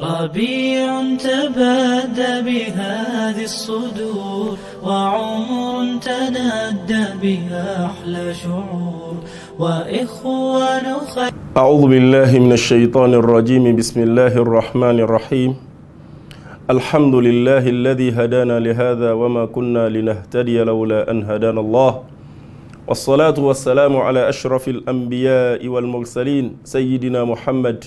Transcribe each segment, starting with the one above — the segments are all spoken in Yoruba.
ربيع تبدى بهذه الصدور وعمر تندى بها أحلى شعور وإخوان خير أعوذ بالله من الشيطان الرجيم بسم الله الرحمن الرحيم الحمد لله الذي هدانا لهذا وما كنا لنهتدي لولا أن هدانا الله والصلاة والسلام على أشرف الأنبياء والمرسلين سيدنا محمد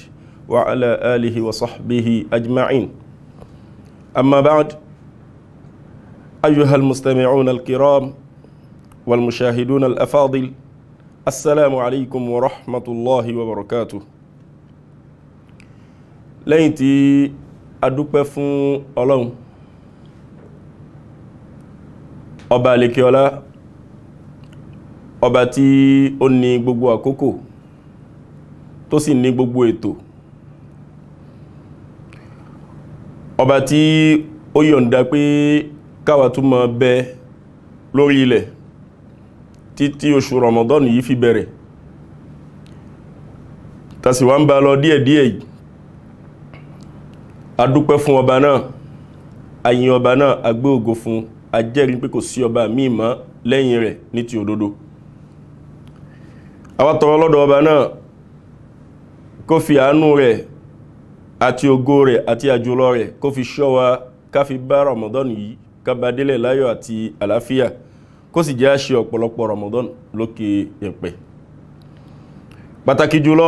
وعلى آله وصحبه أجمعين أما بعد أيها المستمعون الكرام والمشاهدون الأفاضل السلام عليكم ورحمة الله وبركاته lẹ́yìn tí a dúpẹ́ fún ọlọ́run ọba àlekíọlá ọba tí ó ní gbogbo àkókò tó sì ọba tí ó yọ̀ǹda pé káwa tún máa bẹ lórí ilẹ̀ títí oṣù Ramadan yìí fi bẹ̀rẹ̀ tàṣì wá ń bá lọ díẹ̀díẹ̀ yìí a dúpẹ́ fún ọba náà a yìn ọba náà a ògo fún a pé kò sí ọba míì mọ́ lẹ́yìn rẹ̀ ní ti òdodo àwa tọrọ lọ́dọ̀ ọba náà kó fi àánú rẹ̀ àti ògo rẹ̀ àti àjùlọ rẹ̀ kó fi ṣọ́ wa ká fi bá Ramadan yìí ká bá délẹ̀ láyọ̀ àti àlàáfíà kó sì jẹ́ àṣe ọ̀pọ̀lọpọ̀ Ramadan lókè ẹ̀pẹ̀ pàtàkì jùlọ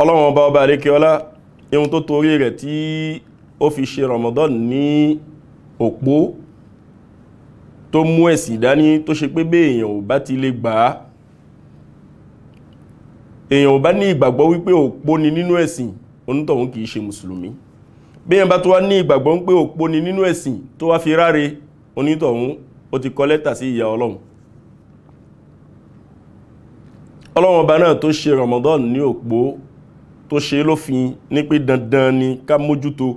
ọlọ́run ọba ọba àríkẹ́ọlá ihun tó torí rẹ̀ tí ó fi ṣe Ramadan ní òpó tó mú ẹ̀sì dání tó ṣe pé bí èèyàn ò bá ti lè gbà á èèyàn ò bá ní ìgbàgbọ́ wípé òpó ni nínú ẹ̀sìn onítọ̀hún kìí ṣe mùsùlùmí bí yẹn bá tó wá ní ìgbàgbọ́ ń pé òpó ni nínú ẹ̀sìn tó wá fi ráre onítọ̀hún ó ti kọ lẹ́tà sí ìyà ọlọ́run ọlọ́run ọba náà tó ṣe Ramadan ní òpó tó ṣe lófin ní pé dandan ni ká mójútó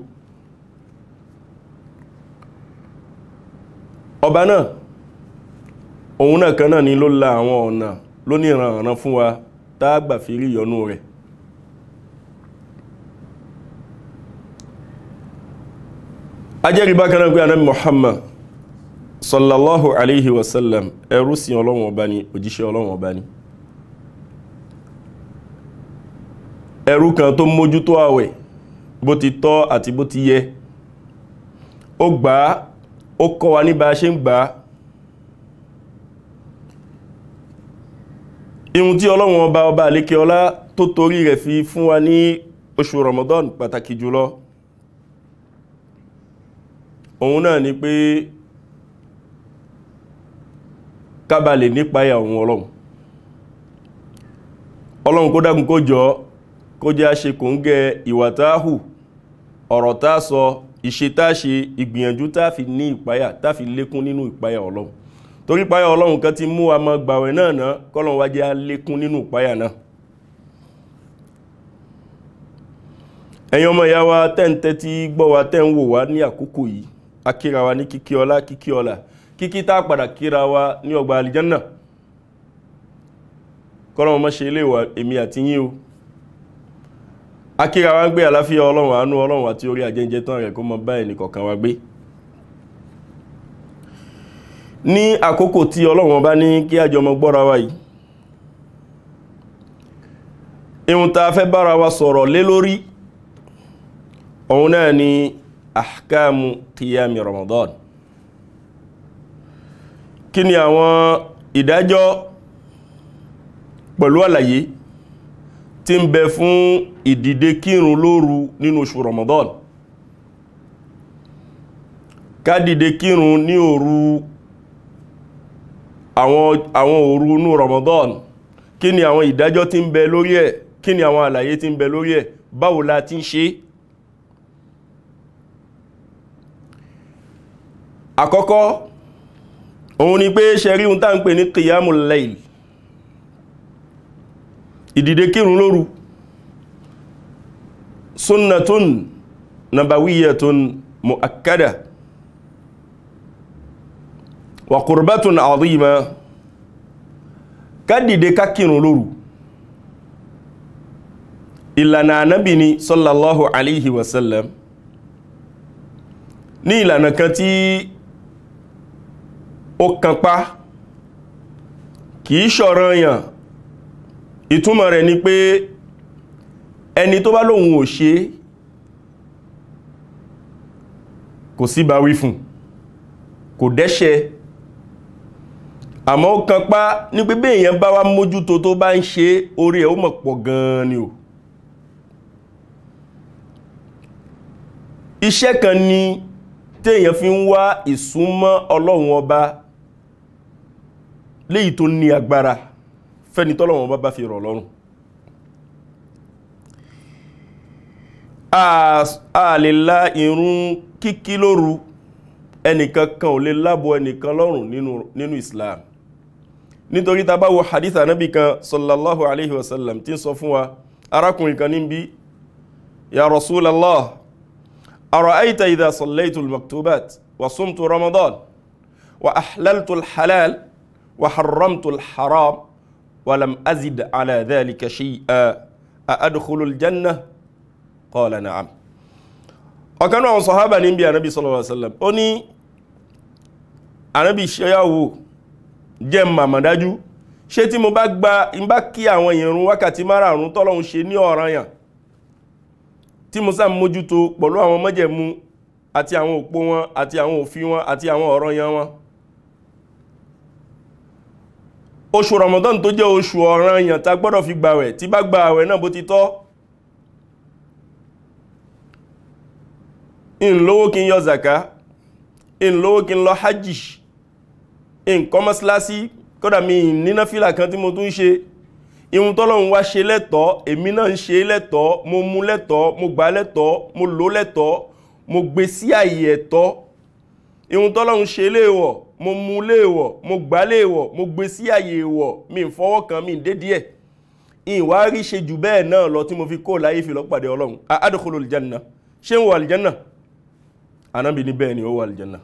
ọba náà òun náà kan náà ni ló la àwọn ọ̀nà lóníranran fún wa tá a gbà fi rí ìyọnú rẹ̀ ajẹ́rìí bákan náà pé anábì Muhammad sallallahu alayhi wa sallam ẹrú sí ọlọ́run ọba ni òjíṣẹ́ ọlọ́run ọba ni ẹrú kan tó mójútó àwẹ̀ bó ti tọ́ àti bó ti yẹ ó gbà á ó kọ́ wa ní ṣe ń gbà á tí ọlọ́run ọba ọba àlékè tó torí rẹ̀ fi fún wa ní oṣù Ramadan pàtàkì jùlọ òun náà ni pé n'ipaya lè nípa ẹ̀yà òun ọlọ́run ọlọ́run kó kó jọ kó jẹ́ ń gẹ ìwàtáhù ọ̀rọ̀ tá sọ ìṣetáṣe ìgbìyànjú fi ní ìpáyà fi lékún nínú ìpáyà ọlọ́run torí ìpáyà ọlọ́run kan ti mú a gbàwẹ̀ náà náà wá jẹ́ lékún nínú ìpáyà náà ọmọ wa wa Akira wa ní kíkí ọlá kíkí ọlá kíkí tá padà kíra wa ní ọgbà àlìjánà kọ́lọ́wọ́n mọ́ ṣe ilé ìwà èmi àti yín o akíra wa ń gbé àláfíà ọlọ́run àánú ọlọ́run àti orí àjẹjẹ tán rẹ̀ kó mọ bá ẹnì kọ̀ọ̀kan wa gbé ní àkókò tí ọlọ́run bá ní kí àjọmọ gbọ́ra wa yìí ihun tá a fẹ́ bára wa sọ̀rọ̀ lé lórí òun náà ni ahkamu qiyami ramadan kí ni àwọn ìdájọ́ pẹ̀lú àlàyé tí ń bẹ fún ìdìde kírun lóru nínú oṣù ramadan ká dìde kírun ní òru àwọn òru inú ramadan kí ni àwọn ìdájọ́ tí ń bẹ lórí ẹ̀ kí ni àwọn àlàyé tí ń la ti ń àkọ́kọ́ òun ni pé ṣẹ̀rí ohun tá ń pè ní kìyàmù lẹ́ìl ìdìde kírun lóru sunnatun nabawiyatun mu'akkada wa qurbatun azima ká dìde ká kírun lóru ni sallallahu alaihi wasallam ní ìlànà kan tí ó kanpá kìí ṣọ̀ràn yàn ìtumọ̀ rẹ̀ ni pé ẹni tó bá lóhun ò ṣe kò sí bá wí kò dẹ́ṣẹ̀ àmọ́ ó kanpá ní pé bí èèyàn bá wá mójútó tó bá ń ṣe orí ẹ̀ ó mọ̀ pọ̀ gan ni o iṣẹ́ kan ni téèyàn fi ń wá ìsúnmọ́ ọlọ́run ọba léyìí tó ní agbára fẹ́ni tọ́lọ̀wọ̀n bá bá fi rọ̀ lọ́rùn a lè lá irun kíkí lóru ẹnìkan kan ò lè lábọ ẹnìkan lọ́rùn nínú Islam nítorí ta bá wo hadith anábì kan sallallahu alaihi wasallam tí ń sọ fún wa arákùnrin kan níbi ya rasulallah ara'aita idha sallaitu maktubat wa sumtu ramadan wa ahlaltu halal وحرمت الحرام ولم أزد على ذلك شيئا أأدخل الجنة قال نعم ọ̀kan náà sọ̀hábà ní bí anábi sallallahu alaihi wasallam ó ní anábi ṣeyàwó jẹ́ màmàdájú ṣé tí mo bá gba ìbá kí àwọn ìrun wákàtí márààrún tọ́lọ́hun ṣe ní ọ̀ranyàn tí mo sáà mójútó pẹ̀lú àwọn mọ́jẹ̀mú àti àwọn òpó wọn àti àwọn òfin wọn àti àwọn ọ̀ranyàn wọn oṣù Ramadan tó jẹ́ oṣù ọ̀ranyàn tá gbọ́dọ̀ fi gbàwẹ̀ tí bá gbàwẹ̀ náà bó ti tọ́ in lówó kí n yọ zaka in lówó kí n lọ hajji in kọmọ́sílásí kọ́dà mi níná fílà kan tí mo tún ṣe ihun tọ́lọ́run wá ṣe lẹ́tọ́ èmi náà ń ṣe lẹ́tọ́ mo mú lẹ́tọ́ mo gbà lẹ́tọ́ mo lò lẹ́tọ́ mo gbé sí àyè ẹ̀tọ́ ihun tọ́lọ́run ṣe léèwọ̀ mo mú léèwọ̀ mo gbá léèwọ̀ mo gbé sí àyè èèwọ̀ mi ń fọwọ́ kan mi ń dé díẹ̀ ìwà rí ṣe jù bẹ́ẹ̀ náà lọ tí mo fi kó láyé fi lọ́pàdé ọlọ́run adkhulu aljanna ṣé ń wọ aljanna anábì ní bẹ́ẹ̀ ni ó wọ aljanna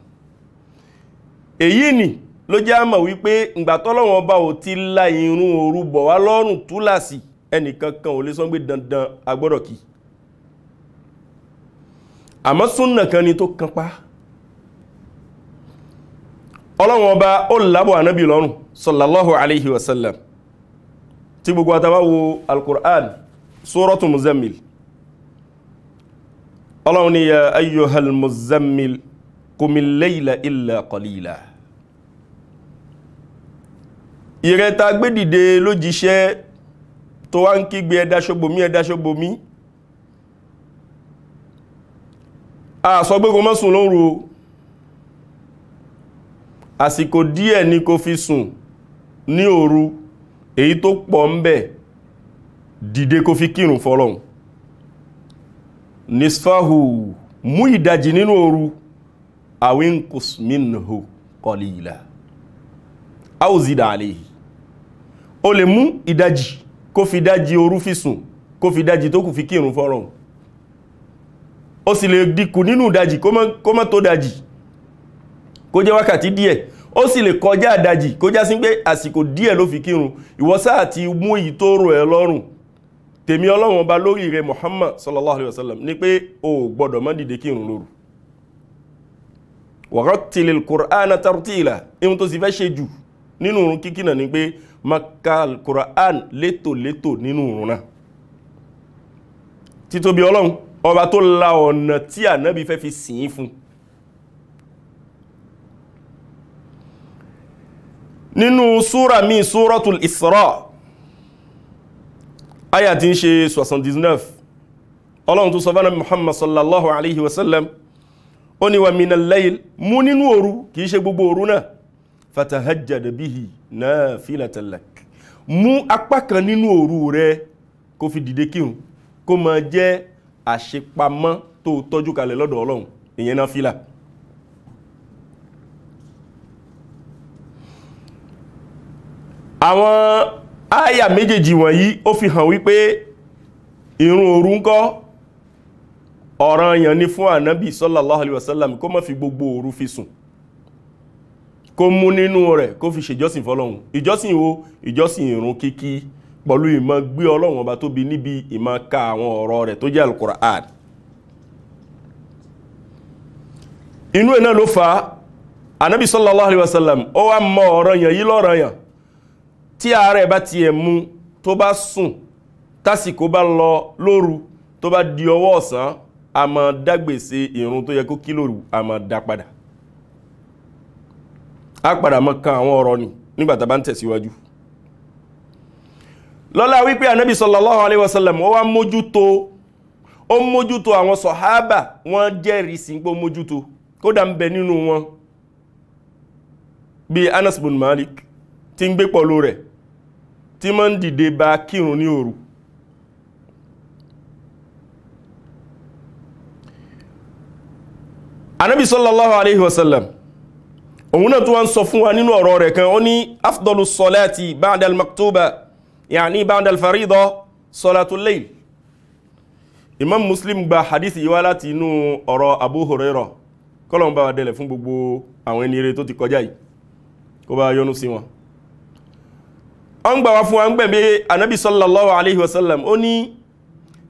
èyí ni ló jẹ́ àmọ̀ wípé ìgbà tọ́lọ́wọ́n ọba ò ti la irun òru bọ̀ wá lọ́rùn túláàsì ẹnìkankan ò lè sọ pé dandan agbọ́dọ̀ kí àmọ́ súnnà kan ni tó kan pa ọlọ́run ọba ó lábọ̀ ànábì lọ́rùn sallallahu alaihi wasallam tí gbogbo àtàwà wo alkur'an sórọ́tù muzammil ọlọ́run ni ya ayyuhal muzammil qumil layla illa qalila ìrẹta gbédìde lójíṣẹ́ tó wá ń kígbe ẹ̀dá ṣogbòmí ẹ̀dá àsìkò díẹ̀ ni kó fi sùn ní òru èyí tó pọ̀ ń bẹ̀ dìde kó fi kírun fọ́lọ́hun nisfahu mú ìdajì nínú òru awinkus minhu qalila auzida alayhi o lè mú ìdajì kó fi dájì òru fi sùn kó fi dájì tó kù fi kírun fọ́lọ́hun o sì lè dínkù nínú ìdajì kó má tó dájì kó jẹ́ wákàtí díẹ̀ ó sì lè kọjá àdájì kó já sí pé àsìkò díẹ̀ ló fi kírun ìwọ sáà mú èyí tó rọ̀ ẹ́ lọ́rùn tèmi ọlọ́run ọba lórí rẹ̀ Muhammad sallallahu alayhi wa sallam ni pé o gbọ́dọ̀ má dìde kírun lóru wàrátìlì kùránà tartila ihun tó sì fẹ́ ṣe jù nínú òrùn kíkí náà ni pé maka kùrán létòlétò nínú òrùn náà títóbi ọlọ́run ọba tó la ọ̀nà tí ànábì fẹ́ fi sìn fún un nínú súra míì súratul Isra aya tí ń ṣe 79 ọlọ́run tó sọ fánà Muhammad sallallahu alaihi wasallam ó ní wa minal layl mú nínú òru kìí ṣe gbogbo òru náà fatahajjad bihi nafilatan lak mú apá kan nínú òru rẹ kó fi dìde kírun kó máa jẹ́ àṣepamọ́ tó tọ́jú kalẹ̀ lọ́dọ̀ ọlọ́run ìyẹn náà fílà àwọn àyà méjèèjì wọ̀nyí ó fi hàn wípé ìrun òru ńkọ́ ọ̀ranyàn ni fún ànábì sallallahu alaihi wasallam kó má fi gbogbo òru fi sùn kó mú nínú rẹ̀ kó fi ṣèjọ́sìn fọ́lọ́hun ìjọ́sìn wo ìjọ́sìn ìrun kíkí pẹ̀lú ìmọ̀ gbé ọlọ́run ọba tóbi níbi ìmọ̀ ka àwọn ọ̀rọ̀ rẹ̀ tó jẹ́ alukura'an inú ẹ̀ náà ló fa ànábì sallallahu alaihi wasallam ó wá mọ ọ̀ranyàn yìí lọ́ranyàn tí àárẹ̀ bá tiẹ̀ mú tó bá sùn tásìkò bá lọ lóru tó bá di ọwọ́ ọ̀sán a máa dágbèsè ìrun tó yẹ kó kí lóru a máa dá padà a padà máa kan àwọn ọ̀rọ̀ ni nígbà tá bá ń tẹ̀síwájú lọ́lá wípé ànábì sallallahu alaihi wasallam wọ́n wá mójútó ó mójútó àwọn sọ̀hábà wọ́n jẹ́rìí sí pé ó mójútó kódà ń bẹ nínú wọn bíi Anas bin Malik tí ń gbé pọ̀lú rẹ̀ tí ma ń dìde bá kírun ní òru anábi sallallahu alaihi wasallam òun náà tó wá ń sọ fún wa nínú ọ̀rọ̀ rẹ̀ kan ó ní afdolu sọláti ba'dal maktuba yàní ba'dal farida sọlátul layl imam muslim gba hadith yíwá láti inú ọ̀rọ̀ abu hurairah kọ́lọ̀ ń bá wa délẹ̀ fún gbogbo àwọn ẹni eré tó ti kọjá yìí kó bá yọ́nú sí wọn ọ́n gbà wá fún wa ń gbẹ̀mẹ́ anábì sallallahu alaihi wasallam ó ní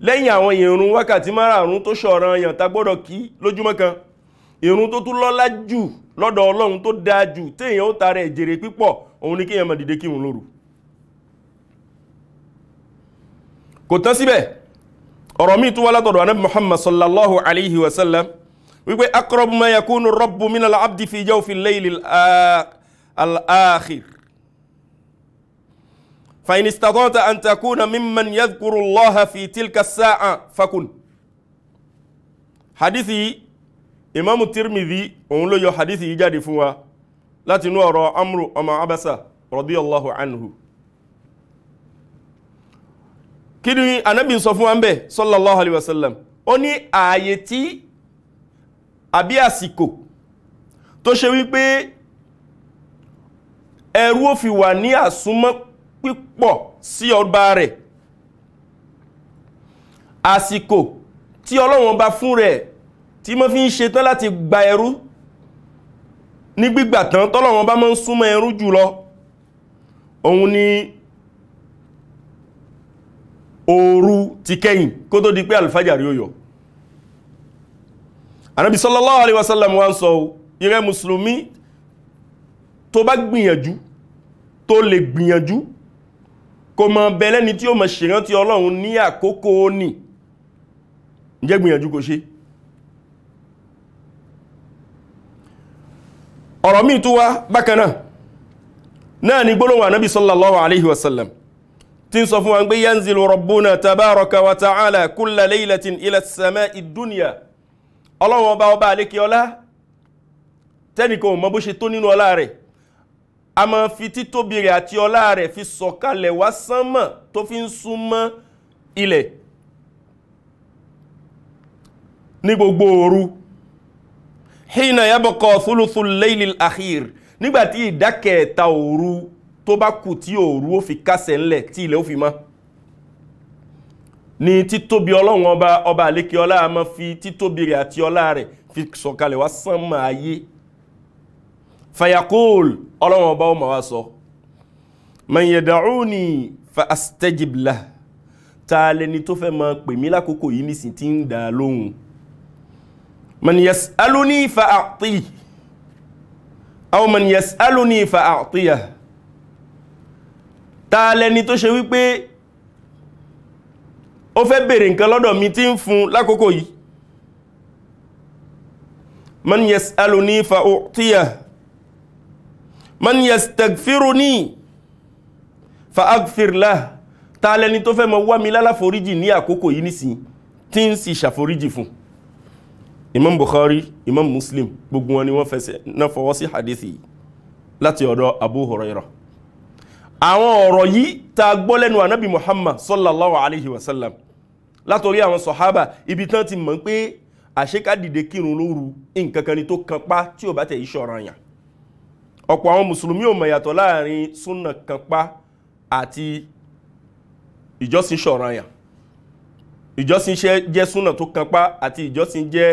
lẹ́yìn àwọn ìrun wákàtí márààrún tó ṣọ̀ràn yàn tá gbọ́dọ̀ kí lójúmọ́ kan ìrun tó tún lọ́lá jù lọ́dọ̀ ọlọ́run tó dáa jù téèyàn ó tara ẹ̀jèrè pípọ̀ òun ni kéèyàn máa dìde kírun lóru kò tán síbẹ̀ ọ̀rọ̀ míì tún wá látọ̀dọ̀ anábì muhammad sallallahu alaihi wasallam wípé aqrabu ma yakunu rabbu fi jawfi al-layli al-akhir فإن استطعت أن تكون ممن يذكر الله في تلك الساعة فكن حديثي إمام الترمذي أقول له حديثي يجاد فوا لا تنور أمر أما عبسة رضي الله عنه kí أنا anábì sọ fún wa ń bẹ̀ sallallahu alaihi wasallam ó ní ààyè tí àbí àsìkò أسمك pípọ̀ sí ọba rẹ̀ àsìkò tí ọlọ́run bá fún rẹ̀ tí mọ́ fi ń ṣe tán láti gba ẹrú ní gbígbà tán tọ́lọ́run bá mọ́ ń súnmọ́ ẹrú jùlọ òun ni òru ti kẹ́yìn kó tó di pé alfajari ó yọ Ànábì sallallahu alaihi wasallam wá ń sọ ìrẹ́ mùsùlùmí tó bá gbìyànjú tó lè gbìyànjú kò mọ̀ bẹ́lẹ́ ni tí ó mọ̀ ṣèrántí ọlọ́run ní àkókò ní ǹjẹ́ gbìyànjú kò ṣe ọ̀rọ̀ míì tó wá bákan náà náà ni gbólóhùn ànábì sallallahu alaihi wasallam tí ń sọ fún wa ń gbé yanzilu rabbuna tabaraka wa ta'ala kulla laylatin ila as-sama'i ọlọ́run ọba ọba àlékè ọlá tẹ́nìkan ò bó ṣe tó nínú ọlá rẹ̀ a máa fi títóbi rẹ̀ àti ọlá rẹ̀ fi sọ̀kalẹ̀ wá sánmọ̀ tó fi ń súnmọ́ ilẹ̀ ní gbogbo òru hina yabqa thuluthul laylil akhir nígbàtí ìdákẹ̀ẹ́ta òru tó bá kù tí òru ó fi kásẹ̀ ńlẹ̀ tí ilẹ̀ ó fi mọ́ ní títóbi ọlọ́run ọba ọba àlékè ọlá a máa fi títóbi rẹ̀ àti ọlá rẹ̀ fi sọ̀kalẹ̀ wá sánmọ̀ ayé fayakul ọlọ́run ọba ọmọ wa sọ man yad'uni fa astajib lah ta lẹni tó fẹ́ máa pè mí lákòókò yìí nísìn tí ń dà lóhùn man yas'aluni fa a'ti aw man yas'aluni fa a'tiyah ta lẹni tó ṣe wípé ó fẹ́ bèèrè nǹkan lọ́dọ̀ mi tí ń fún lákòókò yìí man yas'aluni fa u'tiyah man yastaghfiruni fa aghfir lah ta lẹni tó fẹ́ mọ wá mi lálàforíjì ní àkókò yìí nísìn tí ń sì ṣàforíjì fún imam bukhari imam muslim gbogbo wọn ni wọ́n fẹsẹ̀ náà fọwọ́ sí hadithi láti ọ̀dọ̀ abu huraira àwọn ọ̀rọ̀ yìí ta gbọ́ lẹ́nu anabi muhammad sallallahu alaihi wasallam látorí àwọn sọ̀hábà ibi tán ti mọ̀ pé àṣekádìde kírun lóru nǹkan kan ni tó kan pa tí ò bá tẹ̀ iṣẹ́ ọ̀ranyàn ọ̀pọ̀ àwọn mùsùlùmí ò mọ̀ yàtọ̀ láàrin súnà kanpa àti ìjọsìn ṣọ̀ranyàn ìjọsìn jẹ́ súnà tó kanpa àti ìjọsìn jẹ́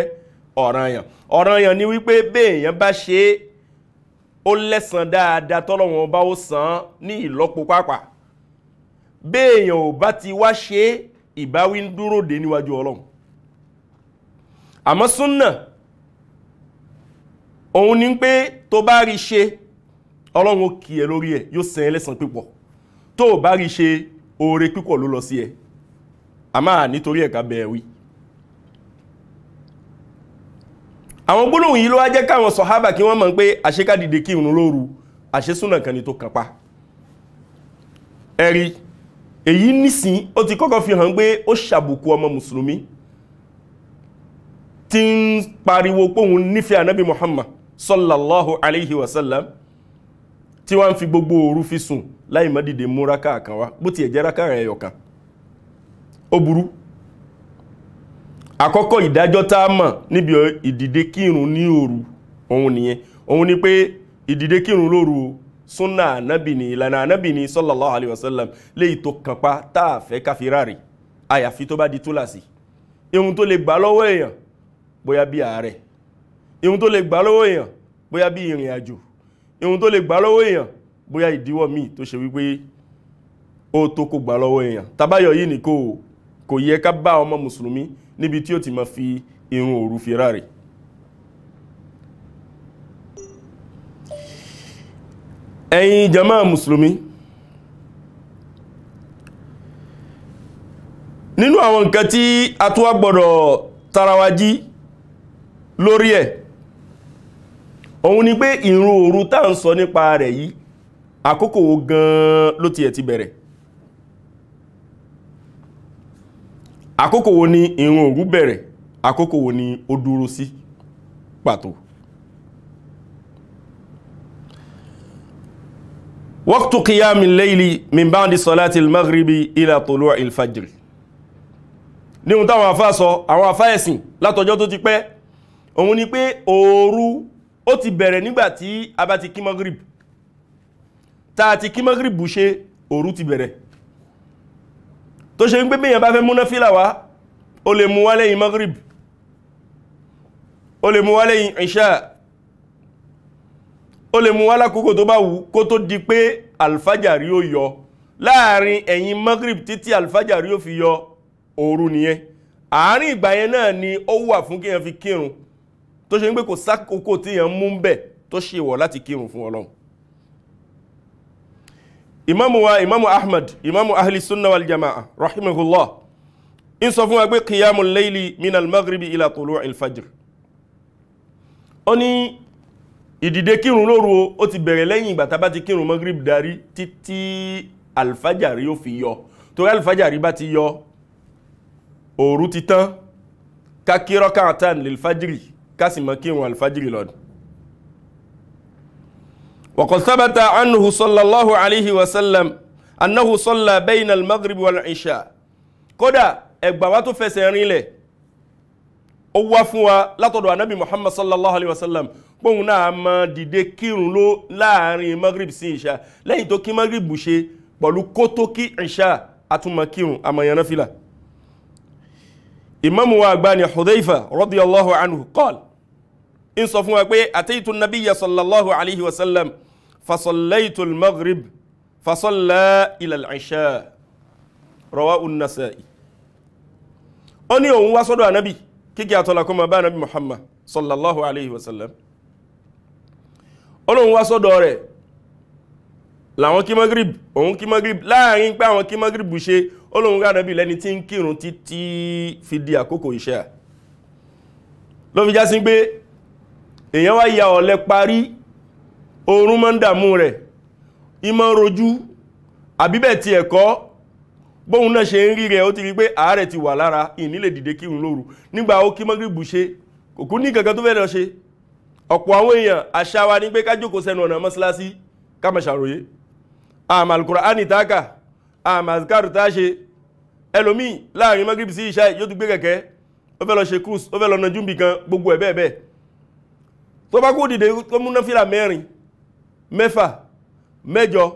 ọ̀ranyàn ọ̀ranyàn ni wípé béèyàn bá ṣe é ó lẹ́san dáadáa tọ́lọ́wọ́n bá ó san ní ìlọ́po pápá béèyàn ò bá ti wá ṣe é ìbáwí ń dúró dé níwájú ọlọ́run àmọ́ súnà òun ni pé tó bá rí ṣe ọlọ́run ó kì ẹ lórí ẹ yóò san ẹlẹ́sàn pípọ̀ tó o bá rí ṣe oore pípọ̀ ló lọ sí ẹ àmọ́ nítorí ẹ̀ka bẹ̀ẹ̀ wí. àwọn gbólóhùn yìí ló wá jẹ́ káwọn sọ̀hábà kí wọ́n mọ̀ pé àṣekádìde kí irun lóru àṣesúnà kan ni tó kàn pa ẹ̀rí èyí nísìn ó ti kọ́kọ́ fi hàn pé ó ṣàbùkù ọmọ mùsùlùmí tí ń pariwo póhun nífẹ̀ẹ́ anábì Muhammad sallallahu alaihi wasallam tí wọ́n ń fi gbogbo òru fi sùn láì mọ́ dìde mú rákà kan wá bó tiẹ̀ jẹ́ rákà rẹ̀ ẹyọ̀kan ó burú àkọ́kọ́ ìdájọ́ tá a mọ̀ níbi ìdìde kírun ní òru òun nìyẹn òun ni pé ìdìde kírun lóru súnà ànábì ni ìlànà ànábì ni sallallahu alayhi wa sallam léyìí tó kànpá tá a fẹ́ káfírárì àyàfi tó bá di túlàsì ihun tó lè gbà lọ́wọ́ èèyàn bóyá bí àárẹ̀ ihun tó lè gbà lọ́wọ́ èèyàn bóyá bí ìrìn àjò ihun tó lè gbà lọ́wọ́ èèyàn bóyá ìdíwọ́ míì tó ṣe wípé ó tó kó gbà lọ́wọ́ èèyàn tabayọ̀ yìí ni kò kò yẹ ká bá ọmọ mùsùlùmí níbi tí ó ti máa fi irun òru fi ráre ẹ̀yin jama mùsùlùmí nínú àwọn nǹkan tí a tún wá gbọ́dọ̀ tarawají lórí ẹ̀ òun ni pé ìrun òru tá ń sọ nípa rẹ̀ yìí àkókò gan ló tiẹ̀ ti bẹ̀rẹ̀ àkókò wo ni ìrun òru bẹ̀rẹ̀ àkókò wo ni ó dúró sí pàtó waqtu qiyami al-layli min ba'di salati al-maghribi ila tulu'i al-fajr níhun táwọn àfá sọ àwọn àfá ẹ̀sìn látọjọ́ tó ti pẹ́ òun ni pé òru ó ti bẹ̀rẹ̀ nígbà tí a bá ti kí magrib tá a ti kí magrib ṣe òru ti bẹ̀rẹ̀ tó ṣe ń gbé bèèyàn bá fẹ́ múná fílà wá ó lè mú wá lẹ́yìn magrib ó lè mú wá lẹ́yìn ìṣà ó lè mú wá lákòókò tó bá wù kó tó di pé alfajari ó yọ láàrin ẹ̀yìn magrib títí alfajari ó fi yọ òru nìyẹn àárín ìgbà yẹn náà ni ó wà fún kí èèyàn fi kírun tó ṣe ń pé kò sákòókò tí yàn mú bẹ̀ tó ṣe wọ̀ láti kírun fún ọlọ́run imamu wa imamu ahmad imamu ahli sunna wal jama'a rahimahullah in sọ fún wa pé qiyamul layli min al maghribi ila tulu'il fajr ó ní ìdìde kírun lóru ó ti bẹ̀rẹ̀ lẹ́yìn ìgbà tá ti kírun magrib darí títí alfajari ó fi yọ torí alfajari bá ti yọ òru ti tán kakirọ́ káàtàn lè fajiri kásìmọ̀ kí wọn alfajiri lọ́dún وقد ثبت عنه صلى الله عليه وسلم أنه صلى بين المغرب والعشاء kódà ẹgbà wa tó fẹsẹ̀ rinlẹ̀ ó wá fún wa látọ̀dọ̀ anábì muhammad sallallahu alaihi wasallam póun náà máa dìde kírun ló láàrin maghrib sí ìṣá lẹ́yìn tó kí maghrib ṣe pẹ̀lú kó kí ìṣá àtúmọ̀ kírun àmọ̀yànnáfìlà ìmáàmù wa àgbà hudhaifa radiyallahu anhu qala ń sọ fún wa pé ataytu nabiyya sallallahu alayhi wa sallam fasallaytu al-maghrib fasalla ila al-isha rawahu an-nasa'i ó ní òun wá sọ́dọ̀ ànábì kíkẹ́ àtọ́lákọ́ ma bá ànábì muhammad sallallahu alayhi wa sallam ó lóun wá sọ́dọ̀ rẹ̀ làwọn kí magrib òun kí magrib láàrin pé àwọn kí magrib ṣe ó lóun rá ànábì lẹ́ni tí ń kírun títí fi di àkókò ìṣà ló fi já sí pé èyàn wá ya ọ̀lẹ parí oorun mọ́ ń dàmú rẹ̀ ìmọ̀ rojú àbíbẹ̀ ti ẹ̀kọ́ bóhun náà ṣe ń rí rẹ̀ ó ti rí pé àárẹ̀ ti wà lára ìnílẹ̀ dìde kírun lóru nígbà ó kí mọ́gìrìbù ṣe kòkú ní kankan tó fẹ́ lọ ṣe ọ̀pọ̀ àwọn èèyàn àṣà wa ní pé ká jókòó ọ̀nà mọ́sálásí ká ṣàròyé àmà Al-Qur'ani táàkà àmà azkaru tá ṣe ẹlòmíì láàrin mọ́gìrìbù sí ìṣá yóò ti gbé kẹ̀kẹ́ ó fẹ́ lọ ṣe cruise ó fẹ́ lọ nàjú nbì kan gbogbo ẹ̀ bẹ́ẹ̀ bẹ́ẹ̀ tó bá kó dìde tó mú náfìlà mẹ́rin mẹ́fà mẹ́jọ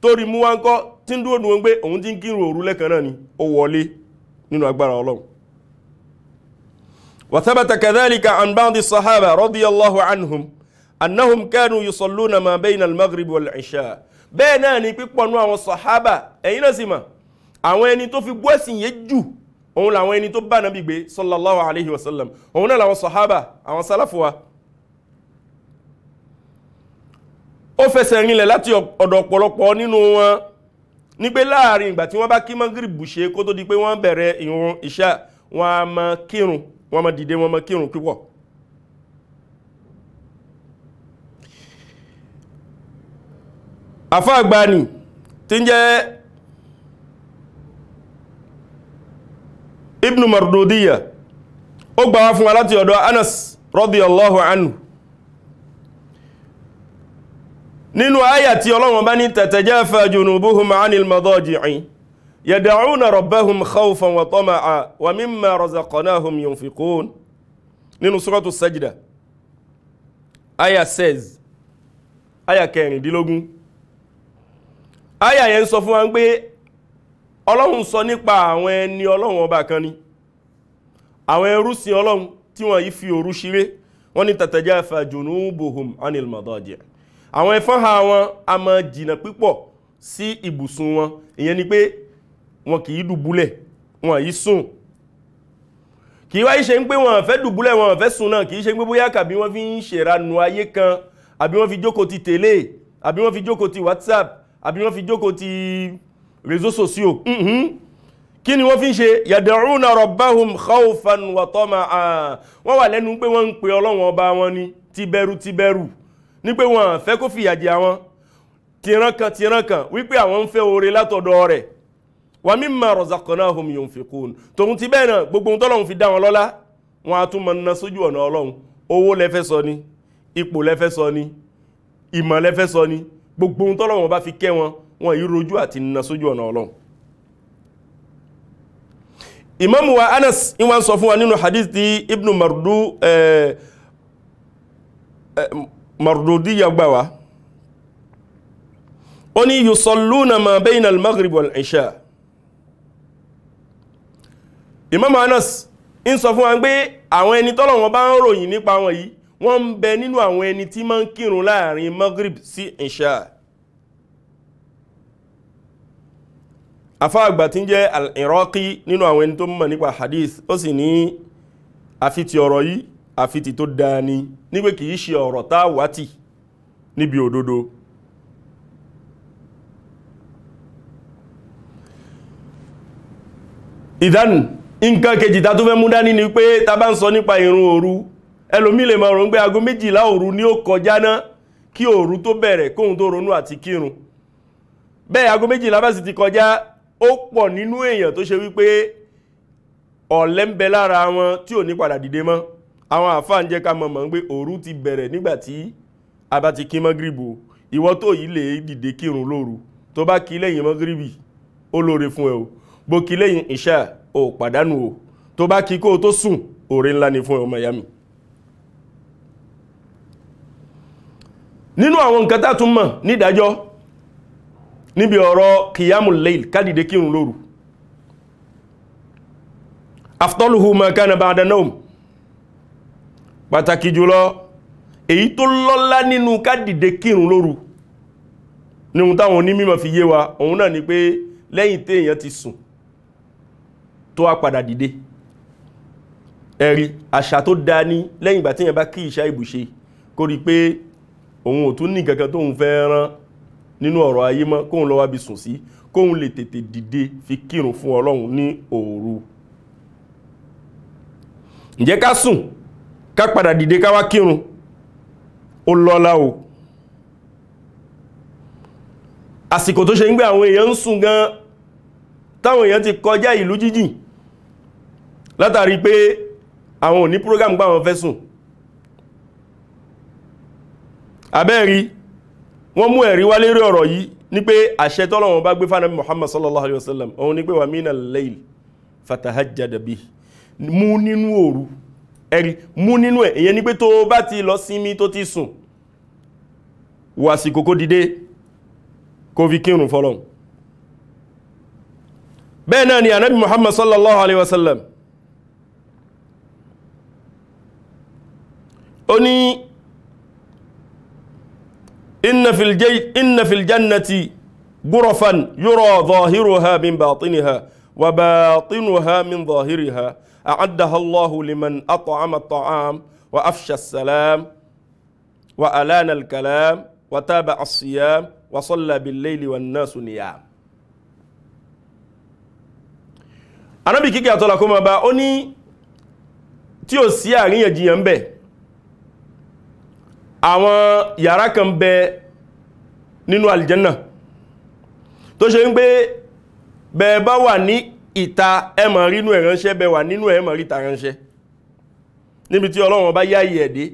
torí mú wá ń kọ́ tí ń dúró nu pé òun ti ń kírun òru lẹ́kan náà ni ó wọlé nínú agbára ọlọ́run وثبت كذلك عن بعض الصحابة رضي الله عنهم أنهم كانوا يصلون ما بين المغرب والعشاء bẹ́ẹ̀ náà ni pípọ̀ nú àwọn sàhábà ẹ̀yin náà sì mọ̀ àwọn ẹni tó fi gbọ́sìn yé jù òun làwọn ẹni tó bá nàbí gbé sallallahu alayhi wa sallam òun náà làwọn sàhábà àwọn sálàfù o fẹsẹ̀ rinlẹ̀ láti ọ̀dọ̀ ọ̀pọ̀lọpọ̀ nínú wọn ní pé láàrin ìgbà tí wọ́n bá kí mọ́gìrìbù ṣe kó tó di pé wọ́n bẹ̀rẹ̀ ìrun ìṣá wọn a mọ kírun wọn mọ dìde wọn mọ kírun púpọ̀ tí ibnu mardudiya ó gbà wá fún wa láti ọ̀dọ̀ anas radiyallahu anhu nínú àyà tí ọlọ́wọ̀n bá ní tatajafa junubuhum anil madaji'i yad'una rabbahum khawfan wa tama'a wa mimma razaqnahum yunfiqun nínú suratu sajda àyà 16 àyà kẹrìndínlógún àyà yẹn sọ fún wa pé ọlọ́run sọ nípa àwọn ẹni ọlọ́run ọba kan ni àwọn ẹrúsìn ọlọ́run tí wọ́n yí fi òru ṣeré wọ́n ní tatajafa junubuhum anil madaji'i àwọn ẹfọ́nhà wọn a máa jìnà pípọ̀ sí ibùsùn wọn ìyẹn ni pé wọn kì í dùbúlẹ̀ wọn yìí sùn kì í wáyé ṣe ń pé wọn fẹ́ dùbúlẹ̀ wọn fẹ́ sùn náà kì í ṣe ń pé bóyá kàbí wọ́n fi ń ṣèrànù ayé kan àbí wọ́n fi jókòó ti tèlé àbí wọ́n fi jókòó ti whatsapp àbí wọ́n fi jókòó ti réseaux sociaux mm-hmm. kí ni wọ́n fi ń ṣe yad'una rabbahum khawfan wa tama'a wọ́n wà lẹ́nu pé wọ́n ń pe ọlọ́wọ́n ọba wọn ni tíbẹ̀rù tíbẹ̀rù ní pé wọn fẹ́ kó fìyà jẹ àwọn tìrankan tìrankan wípé àwọn ń fẹ́ oore látọ̀dọ̀ rẹ̀ wa mimma razaqnahum yunfiqun tòun ti bẹ́ẹ̀ náà gbogbo ohun tọ́lọ́run fi dá wọn lọ́lá wọn a tún mọ ná sójú ọ̀nà ọlọ́run owó lẹ́fẹ́ sọ ni ipò lẹ́fẹ́ sọ ni ìmọ̀ lẹ́fẹ́ sọ ni gbogbo ohun bá fi kẹ́ wọn wọn yìí rojú àti ná sójú ọ̀nà ọlọ́run Imam wa Anas ìwọ̀n sọ fún wa nínú hadith ti Ibn Mardu eh, eh, mardodiya gbà wá ó ní yusalluna ma bayna al-maghrib wal-isha imam anas ń sọ fún wa pé àwọn ẹni tọ́lọ̀ wọn bá ń ròyìn nípa wọn yìí wọ́n ń bẹ nínú àwọn ẹni tí máa ń kírun láàrin maghrib sí isha afá àgbà tí ń jẹ́ al-iraqi nínú àwọn ẹni tó mọ̀ nípa hadith ó sì ní àfitì ọ̀rọ̀ yìí àfitì tó dáa ni nígbé kìí ṣe ọ̀rọ̀ tá a wá tì níbi òdodo ìdán nǹkan kejì tá tó fẹ́ mú dání ni pé tá bá ń sọ nípa ìrun òru ẹlòmí lè máa ròó pé aago méjìlá òru ni ó kọjá náà kí òru tó bẹ̀rẹ̀ kóhun tó ronú àti kírun bẹ́ẹ̀ aago méjìlá bá sì ti kọjá ó pọ̀ nínú èèyàn tó ṣe wípé ọ̀lẹ ń bẹ lára wọn tí ò ní padà dìde mọ́ àwọn àfáà ń jẹ́ ká mọ̀ mọ̀ pé òru ti bẹ̀rẹ̀ nígbà tí a bá ti kí mọ́gìrìbò ìwọ tó yìí lè dìde kírun lóru tó bá kí lẹ́yìn mọ́gìrìbì ó lóore fún ẹ o bó kí lẹ́yìn ìṣà ò pàdánù o tó bá kí kó o tó sùn oore ńlá ni fún ẹ ọmọ ìyá mi. nínú àwọn nǹkan tá tún mọ̀ nídàájọ́ níbi ọ̀rọ̀ kìyàmù leil kádìde kírun lóru aftọ́lùhù mọ̀ kánà ba'da nawm pàtàkì jùlọ èyí tó lọ́lá nínú ká dìde kírun lóru níhun táwọn onímọ̀ fi yé wa òun náà ni pé lẹ́yìn tí èèyàn ti sùn tó wá padà dìde ẹ̀rí àṣà tó dá ní lẹ́yìn ìgbà tí èèyàn bá kí ìṣá ìbùṣe kó rí pé òun ò tún ní kankan tóun fẹ́ rán nínú ọ̀rọ̀ ayé mọ́ kóun lọ bí sùn sí kóun lè tètè dìde fi kírun fún ọlọ́run ní òru ǹjẹ́ ká sùn ká padà dìde ká wá kírun ó lọ́lá o àsìkò tó ṣe ń gbé àwọn èèyàn ń sùn gan táwọn èèyàn ti kọjá ìlú jíjìn látàrí pé àwọn ò program gbá wọn fẹ́ sùn abẹ́rí wọ́n mú ẹ̀rí wá lérí ọ̀rọ̀ yìí ní pé àṣẹ tọ́lọ̀wọ̀n bá gbé fánàbí Muhammad sallallahu alaihi wasallam òun ní pé wà mínà layl fatahajjada bihi mú nínú òru ẹ̀rí mú nínú ẹ̀ ìyẹn ni pé tó bá ti lọ sinmi tó ti sùn wà sí kókó dìde kó fi kírun fọ́lọ́n bẹ́ẹ̀ náà ni ànábì Muhammad sallallahu alaihi wasallam ó ní inna jannati gúrọ̀fan yúrọ̀ zọ̀hírò ha min bàtíni ha wà bàtínu ha min zọ̀hírí ha أعدها الله لمن أطعم الطعام وأفشى السلام وألان الكلام وتابع الصيام وصلى بالليل والناس نيام anábì kíkẹ́ àtọ́lá kó ma bá ó ní tí ó sí àríyànjiyàn bẹ̀ àwọn yàrá kan bẹ nínú aljanna tó ṣe ń gbé bẹ̀ẹ̀ bá wà ní ìta ẹmọ̀ rínú ẹ̀ ránṣẹ́ bẹ wà nínú ẹmọ̀ ríta ránṣẹ́ níbi tí ọlọ́run ọba yá ìyẹ̀ dé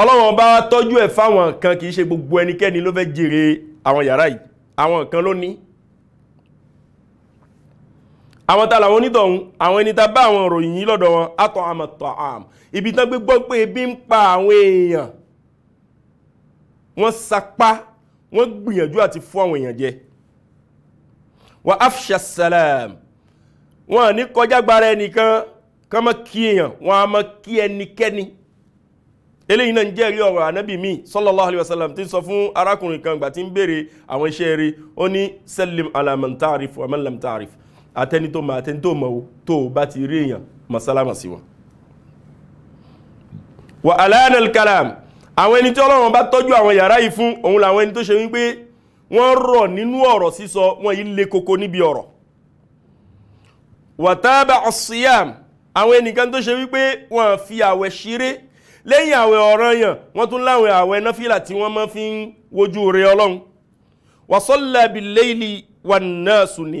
ọlọ́run ọba tọ́jú ẹ̀ fáwọn kan kìí ṣe gbogbo ẹnikẹ́ni ló fẹ́ jèrè àwọn yàrá yìí àwọn kan ló ní àwọn tààlà wọn onítọ̀hún àwọn ẹni tá bá àwọn òròyìn yìí lọ́dọ̀ wọn atọ̀ àmọ̀tọ̀ àm ibi tán gbé gbọ́ pé ebi ń pa àwọn èèyàn wọ́n sapá wọ́n gbìyànjú àti fún àwọn èèyàn jẹ wà afṣà salam wọn ní kọjá gbára ẹnìkan kán mọ́ kí èèyàn wọn a mọ́ kí ẹnikẹ́ni eléyìí náà ń jẹ́rí ọ̀rọ̀ ànábì mi sallallahu alayhi wa sallam ti sọ fún arákùnrin kan gbà tí ń béèrè àwọn iṣẹ́ rí ó ní sallim ala man ta'rif wa man lam ta'rif tó mọ àtẹni tó mọ tó bá ti rí èèyàn mọ̀sálámà sí wọn. wa alana al-kalam àwọn ẹni tí ọlọ́run bá tọ́jú àwọn yàrá yìí fún òun làwọn ẹni tó ṣe wípé wọ́n rọ̀ nínú ọ̀rọ̀ sísọ wọn yìí le koko níbi ọ̀rọ̀ wàtábà ọ̀síyàm àwọn ẹnìkan tó ṣe wípé wọ́n fi àwẹ̀ ṣeré lẹ́yìn àwẹ̀ ọ̀ranyàn wọ́n tún láwọn àwẹ̀ náfìlà tí wọ́n máa fi ń wojú rẹ ọlọ́run wàsọ́lá bìlẹ́ìlì wà náà sùn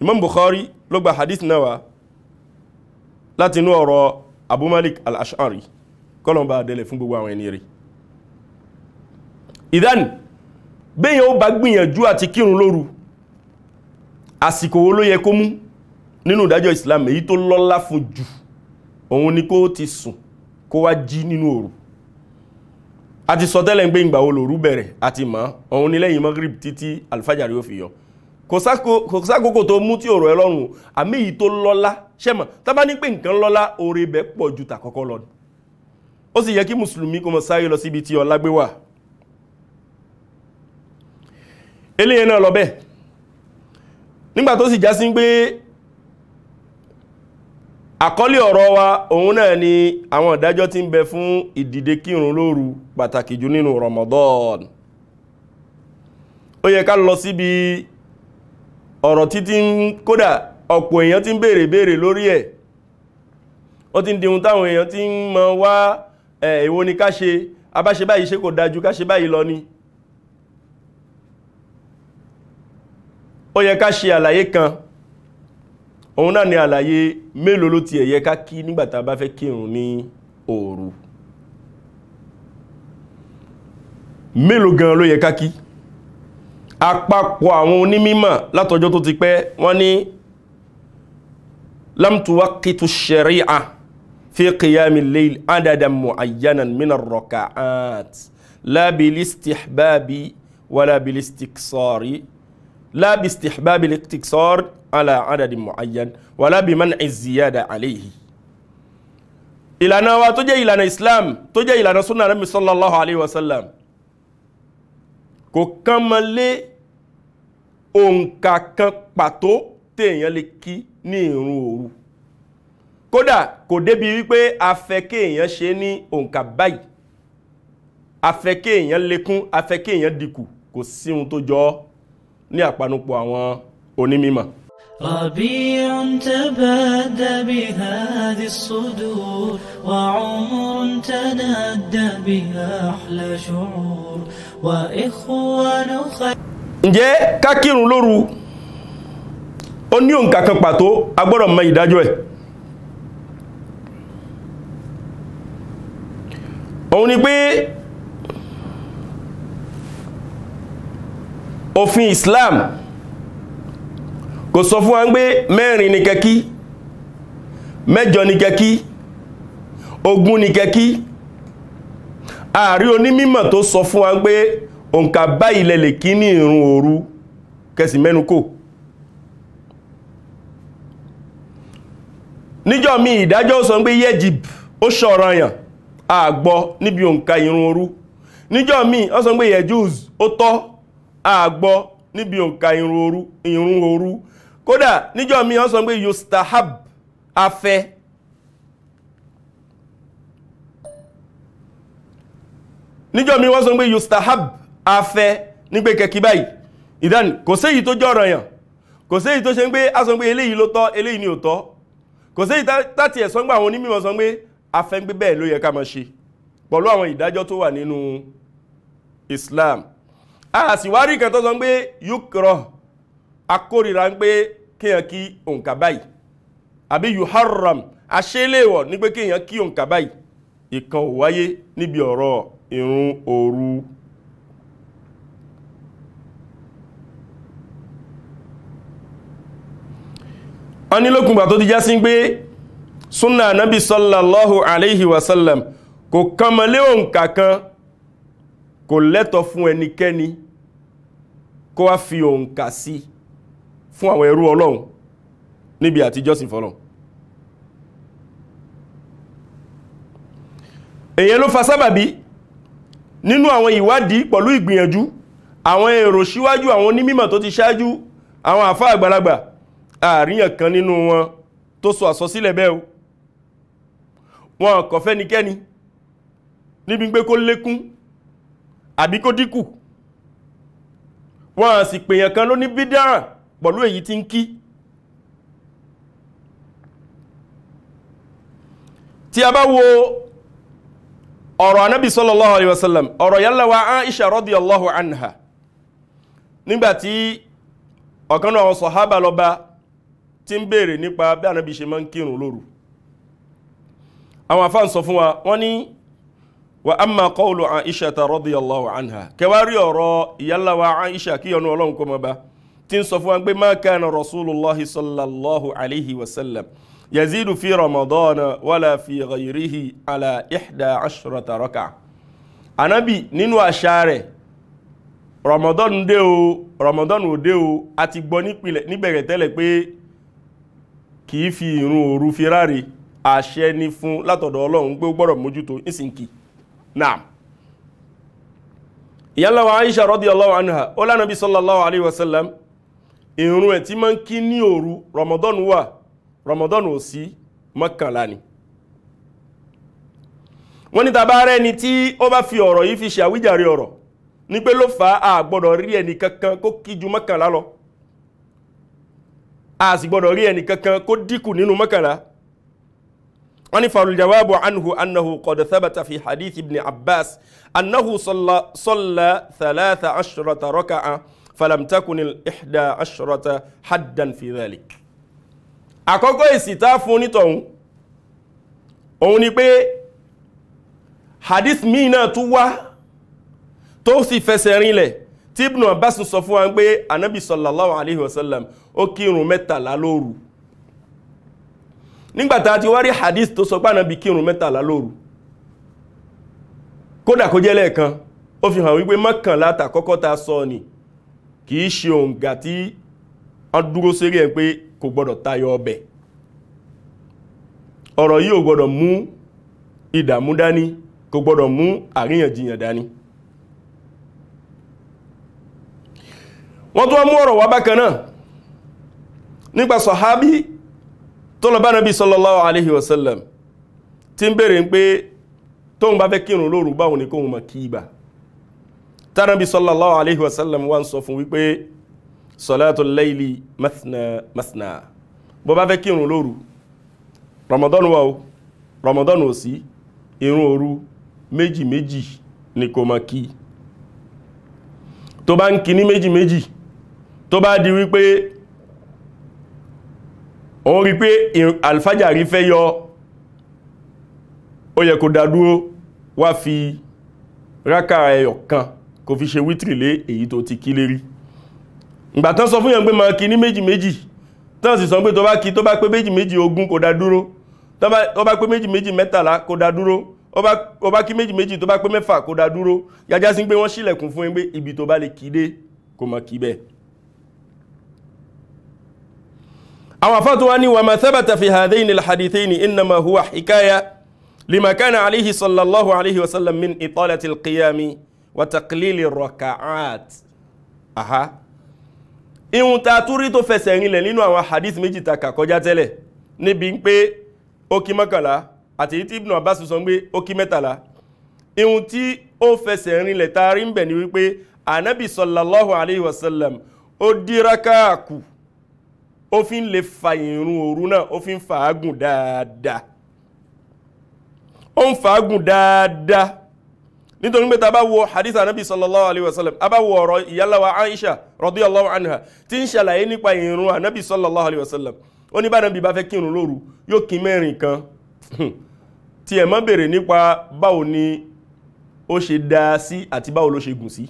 imam bukhari ló gba hadith náà wá látinú ọ̀rọ̀ abu malik al-ash'ari kọ́lọ̀mbà adẹ́lẹ̀ fún gbogbo àwọn ẹni rẹ̀ ìdán bẹ́yàn ó bá gbìyànjú àti kírun lóru àsìkò wo ló yẹ kó mú nínú ìdájọ́ islam èyí tó lọ́lá fún jù òun ni kó ti sùn kó wá jí nínú òru àti sọtẹ́lẹ̀ ń gbé ìgbà olóru bẹ̀rẹ̀ àti mọ́ òun ni lẹ́yìn magrib títí alfajari ó fi yọ kò sákòókò tó mú tí òrò ẹlọ́run àmì èyí tó lọ́lá ṣẹ́mọ̀ tábà ní pé nǹkan lọ́lá oore bẹ̀ pọ̀ ju tàkọ́kọ́ lọ ó sì yẹ kí mùsùlùmí kó mọ̀ sáré lọ síbi tí ọlá gbé wà eléyẹn náà lọ bẹ́ẹ̀ nígbà tó sì já sí pé àkọ́lé ọ̀rọ̀ wa òun náà ni àwọn ìdájọ́ tí ń bẹ fún ìdìde kírun lóru pàtàkì jù nínú Ramadan ó yẹ ká lọ síbi ọ̀rọ̀ títí kódà ọ̀pọ̀ èèyàn ti ń béèrè béèrè lórí ẹ̀ ó ti ń dihun táwọn èèyàn ti ń mọ wá èwo ni ká ṣe abáṣe báyìí ṣe kò dájú ká ṣe báyìí lọ ni ó yẹ ká ṣe àlàyé kan òun náà ni àlàyé mélòó ló ti ẹ̀yẹ ká kí nígbàtà bá fẹ́ kírun ní òru mélòó gan ló yẹ ká kí àpapọ̀ àwọn onímímọ̀ látọjọ́ tó ti pẹ́ wọ́n ní لم توقت الشريعة في قيام الليل عددا معينا من الركعات لا بالاستحباب ولا بالاستكسار لا باستحباب الاقتصار على عدد معين ولا بمنع الزيادة عليه إلى wa tó إلى الإسلام تجا إلى سنة النبي صلى الله عليه وسلم كو sallam kò kán mọ́ lé òǹkà kan téèyàn lè kí ní ìrun òru kódà kò débi wípé a fẹ́ kéèyàn ṣe ní òǹkà báyìí a fẹ́ kéèyàn lékún a fẹ́ kéèyàn dínkù kò síhun tó jọ ní àpanupọ̀ àwọn onímímọ̀ ربيع تبادى بهذه الصدور وعمر تنادى بها أحلى شعور وإخوان خير ǹjẹ́ ká ó ní òǹkà kan pàtó agbọ́dọ̀ mọ ìdájọ́ ẹ̀ òun ni pé òfin Islam kò sọ fún wa ń gbé mẹ́rin ní kẹkí mẹ́jọ ní kẹkí ogún ní kẹkí ààrí onímímọ̀ tó sọ fún wa ń gbé òǹkà báyìí lẹ́lẹ̀ kí ní ìrun òru kẹsì mẹ́nu kò níjọ́ mi ìdájọ́ ó sọ pé yẹ́jìb ó ṣọ̀rọ̀ yàn àgbọ́ níbi òǹkà irun òru níjọ́ mi ó sọ pé yẹ́jùz ó tọ́ àgbọ́ níbi òǹkà irun òru kódà níjọ́ mi ó sọ pé yustahab afẹ́ níjọ́ mi wọ́n sọ pé yustahab afẹ́ nígbé kẹkí báyìí ìdáni kò séyìí tó jọ̀rọ̀ yàn kò séyìí tó ṣe ń pé a eléyìí ló tọ́ eléyìí ni ò tọ́ kò sí ìtàtì ẹ̀sán gbà àwọn onímọ̀ sọ pé afẹ́ngbé bẹ́ẹ̀ ló yẹ ká máa ṣe pẹ̀lú àwọn ìdájọ́ tó wà nínú Islam àṣìwárí kan tó sọ pé yukro akórira ń pé kíyàn kí òǹkà báyìí àbí yuharram aṣẹ́lẹ̀wọ̀ ní pé kíyàn kí òǹkà báyìí ìkan ò wáyé níbi ọ̀rọ̀ ìrun òru wọ́n ní lókùngbà tó ti já sí pé súnà anábì sallallahu alaihi wasallam kò kánmọlé òǹkà kan kò lẹ́tọ̀ fún ẹnikẹ́ni kó wá fi òǹkà sí fún àwọn ẹrú ọlọ́run níbi àtijọ́sìn fọ́lọ́run èyàn ló fa sábàbí nínú àwọn ìwádìí pẹ̀lú ìgbìyànjú àwọn èrò síwájú àwọn onímímọ̀ tó ti ṣáájú àwọn àfá àgbàlagbà àríyàn kan nínú wọn tó sọ àsọsílẹ̀ bẹ́ẹ̀ o wọn kò fẹ́nikẹ́ni níbi pé kó lékún àbí kó dínkù wọn sì pèèyàn kan ló ní bídáà pọ̀lú èyí tí ń kí tí a bá wo ọ̀rọ̀ anábì sallallahu alaihi wasallam ọ̀rọ̀ yálà wa Aisha radiyallahu anha nígbàtí ọ̀kanú àwọn sọ̀hábà lọ tí ń béèrè nípa bí ànábì ṣe máa ń kírun lóru àwọn afáàn sọ fún wa wọ́n ní wa amma qawlu aisha ta radiyallahu anha kẹwàárí ọ̀rọ̀ ìyálàwà aisha kí ọ̀nà ọlọ́run kó máa bá tí ń sọ fún wa pé ma kana rasulullahi sallallahu alayhi wa sallam yazidu fi ramadan wala fi ghayrihi ala ihda ashrata raka anabi nínú àṣà rẹ̀ ramadan dé o ramadan ò dé o a ti gbọ́ níbẹ̀rẹ̀ tẹ́lẹ̀ pé kì í fi ìrun òru fi ráre àṣẹ ni fún látọ̀dọ̀ ọlọ́run pé ó gbọ́dọ̀ mójútó ìsìnkì náà ìyálọ́wọ́ Aisha radiyallahu anha ó lánàá bí sallallahu alayhi wa sallam ìrun ẹ̀ tí máa ń kí ní òru Ramadan wà Ramadan ò sí mọ́kànlá ni wọ́n ní tàbá rẹ̀ ni tí ó bá fi ọ̀rọ̀ yìí fi ṣàwíjàre ọ̀rọ̀ ní pé ló fà á àgbọ́dọ̀ rí ẹnì kankan kó kí ju mọ́kànlá lọ a sì gbọ́dọ̀ rí ẹnì kankan kó dínkù nínú mọ́kànlá wọ́n ní falujawabu anhu annahu qad thabata fi hadith ibn abbas annahu salla thalatha ashrata raka'a falam takun al-ihda ashrata haddan fi dhalik àkọ́kọ́ èsì fún nítọ̀hún òun ni pé hadith míì náà tún wá tó sì fẹsẹ̀ rinlẹ̀ tí Ibn sọ fún wa pé anabi sallallahu alayhi wa sallam ó kírun mẹ́tàlá lóru nígbàtà ti wá rí hadith tó sọ pé anabi kírun mẹ́tàlá lóru kódà kó jẹ́ lẹ́ẹ̀kan ó fi hàn wípé mọ́kànlá tàkọ́kọ́ ta sọ ni í ṣe òǹgà tí wọ́n dúró sérí ẹ̀ pé kò gbọ́dọ̀ tayọ ọbẹ̀ ọ̀rọ̀ yìí ò gbọ́dọ̀ mú ìdààmú dání kò gbọ́dọ̀ mú àríyànjiyàn dání wọ́n tó wọ́n mú ọ̀rọ̀ wá bákan náà nípa sọ̀hábí tó lọ bá nàbí sallallahu alaihi wasallam tí ń bèèrè pé tóun bá fẹ́ kírun lóru báwọn ní kóun mọ̀ kí ibà tánàbí sallallahu alaihi wasallam wá ń sọ fún wípé salatul layli mathna mathna bá fẹ́ kírun lóru ramadan wà o ramadan ò sí irun òru méjì méjì ni kò mọ̀ tó bá ń kí ní méjì méjì tó bá di wípé ó rí pé alfajari fẹ́ yọ ó yẹ kó dádúró wá fi rákà ẹyọ kan kò fi ṣe wítìrì lé èyí tó ti kí lérí ìgbàtán sọ fún yàn pé ma kí ní méjì méjì tán sì sọ pé tó bá kí tó bá pé méjì méjì ogún kó dá dúró tó bá pé méjì méjì mẹ́tàlá kó dá ó bá kí méjì méjì tó bá pé mẹ́fà kó dá yájá sí pé wọ́n sílẹ̀kùn fún ẹgbẹ́ ibi tó bá lè kí dé kó má kí bẹ́ẹ̀ àwọn afáàtò wá ní wà máa thabata fi hadhain alhadithain innama huwa hikaya lima kana alayhi sallallahu alayhi wa sallam min italati alqiyami wa taqlili raka'at aha ihun ta turi tó fẹsẹ̀ rinlẹ̀ nínú àwọn hadith méjì ta kà kọjá tẹ́lẹ̀ níbi pé ó kí mọ́kànlá àti tí Ibn Abbas sọ pé ó kí mẹ́tàlá ihun tí ó fẹsẹ̀ rinlẹ̀ ta rí ń bẹ̀ ni wípé anabi sallallahu alayhi wa ó díraka kù ó fi ń lè fa ìrun òru náà ó fi ń fàágùn dáadáa ó ń fàágùn dáadáa nítorí pé ta wo hadith anabi sallallahu alayhi wa sallam a wo ọ̀rọ̀ ìyálàwà aisha radiyallahu anha tí ń ṣàlàyé nípa ìrun anabi sallallahu alayhi wa sallam ó ní bánabi bá fẹ́ kírun lóru yóò kí mẹ́rin kan tí ẹ̀ mọ́ bèrè nípa báwo ni ó ṣe dáa sí àti báwo ló ṣe gùn sí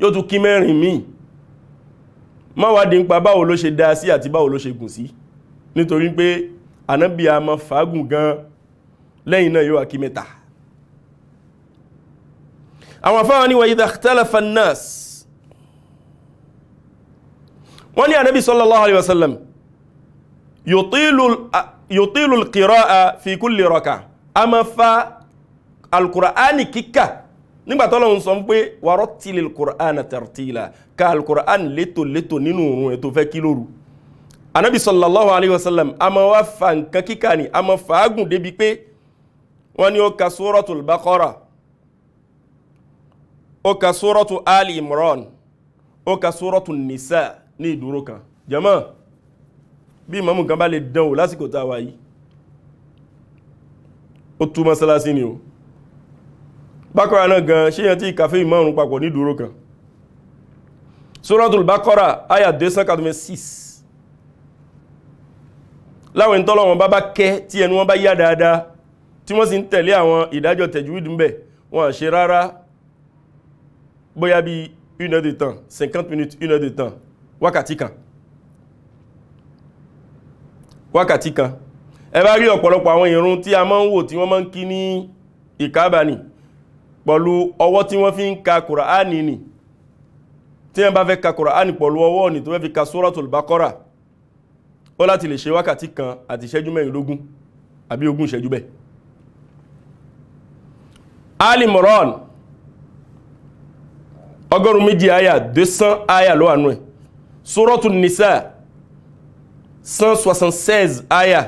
yóò tún kí mẹ́rin míì má wádìí ń pa báwo ló ṣe dá sí àti báwo ló ṣe gùn sí nítorí pé ànábì a máa fàágùn gan lẹ́yìn náà yóò akí mẹ́ta àwọn afáwọn ni wa idha ikhtalafa an-nas wọ́n ní ànábì sallallahu alaihi wasallam yutilu al-qira'a fi kulli raka a máa fa al kíkà nígbà tọ́lọ́hun sọ pé warattilil Qur'ana tartila ka al-Qur'an létò létò nínú òun ẹ̀ tó fẹ́ kí lóru anabi sallallahu alayhi wa sallam a ma wá fa nǹkan kíkà ni a ma fàágùn débi pé wọ́n ní ó ka suratul Baqara ó ka suratu Ali Imran ó ka suratu Nisa ní ìdúró kan jama bí ìmọ̀mù kan bá lè dánwò lásìkò tá a ó tú mọ́sálásí ni o bákọ́rà náà gan ṣe yẹn tí kàfíìn márùn papọ̀ ní ìdúró kan suratul bákọ́rà àyà 286 láwọn ìtọ́lọ̀ wọn bá bá kẹ́ tí ẹnu wọn bá yá dáadáa tí wọ́n sì ń tẹ̀lé àwọn ìdájọ́ tẹ̀júwìdì ń bẹ̀ wọn ṣe rárá bóyá bí une 50 minutes une heure de temps wákàtí kan wákàtí kan ẹ bá rí ọ̀pọ̀lọpọ̀ àwọn ìrun tí a máa ń wò tí wọ́n máa ń kí ní ìkábà pẹ̀lú ọwọ́ tí wọ́n fi ń ka kùránì ni tí wọ́n bá fẹ́ ka kùránì pẹ̀lú ọwọ́ ni tó fẹ́ fi ka suratul baqara ó láti lè ṣe wákàtí kan àti ìṣẹ́jú mẹ́rìndógún àbí ogún ìṣẹ́jú bẹ́ẹ̀ Ali Imran ọgọ́rùn méjì 200 àyà ló wà nú 176 àyà